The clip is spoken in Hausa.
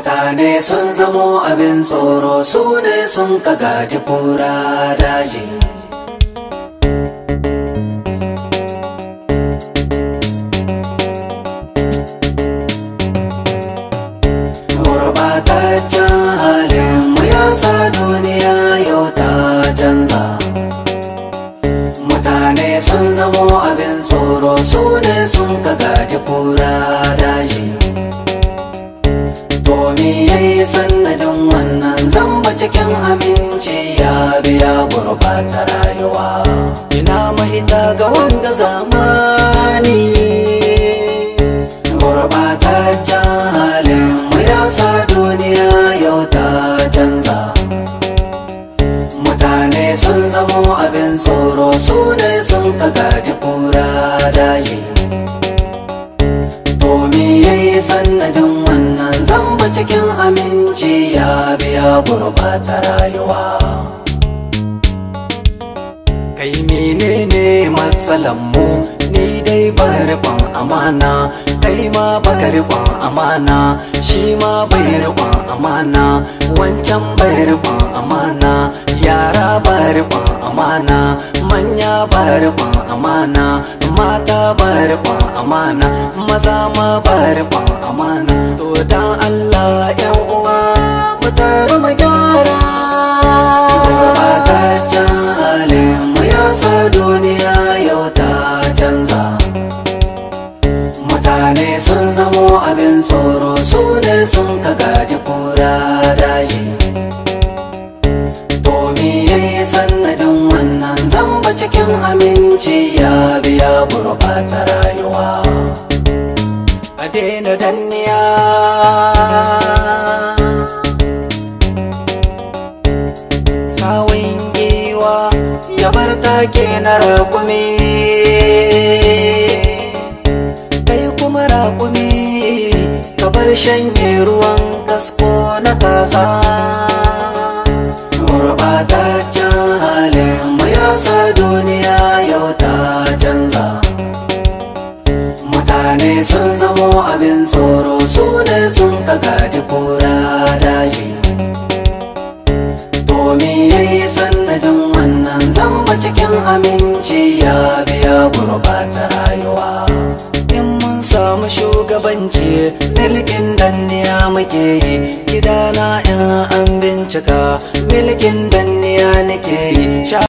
mutane sun zamo abin tsoro su ne sun gaji kura daji gurbataccen halin mu ya sa duniya yau ta canza mutane sun zamo abin tsoro su ne sun gaji. wannan zamba cikin aminci ya biya gurbata rayuwa ina mahita ga wanga zamani gurbata cikin aminci ya biya gurbata rayuwa kai menene mu ni dai ba riƙon amana kai ma baka riƙon amana shi ma bai riƙon amana wancan bai riƙon amana yara ba riƙon amana ya ba kwa amana mata ba kwa amana maza ma ba kwa amana to dan Allah yan uwa mu taru mu gyara duniya yau ta canza mutane sun zamo abin tsoro su ne sun ka gaji kura daji cikin aminci ya biya gurɓata rayuwa a daina danniya Sawun giwa ya bar take na rakumi kai kuma rakumi ka bar shanye ruwan kasko na kasa gurɓata mutane sun zamo abin tsoro su ne sun kaga kura daji domin yayi sannadin wannan zamba cikin aminci ya biya gurbata rayuwa in mun samu shugabanci milkin danniya muke yi gidana yan an bincika milkin danniya nake yi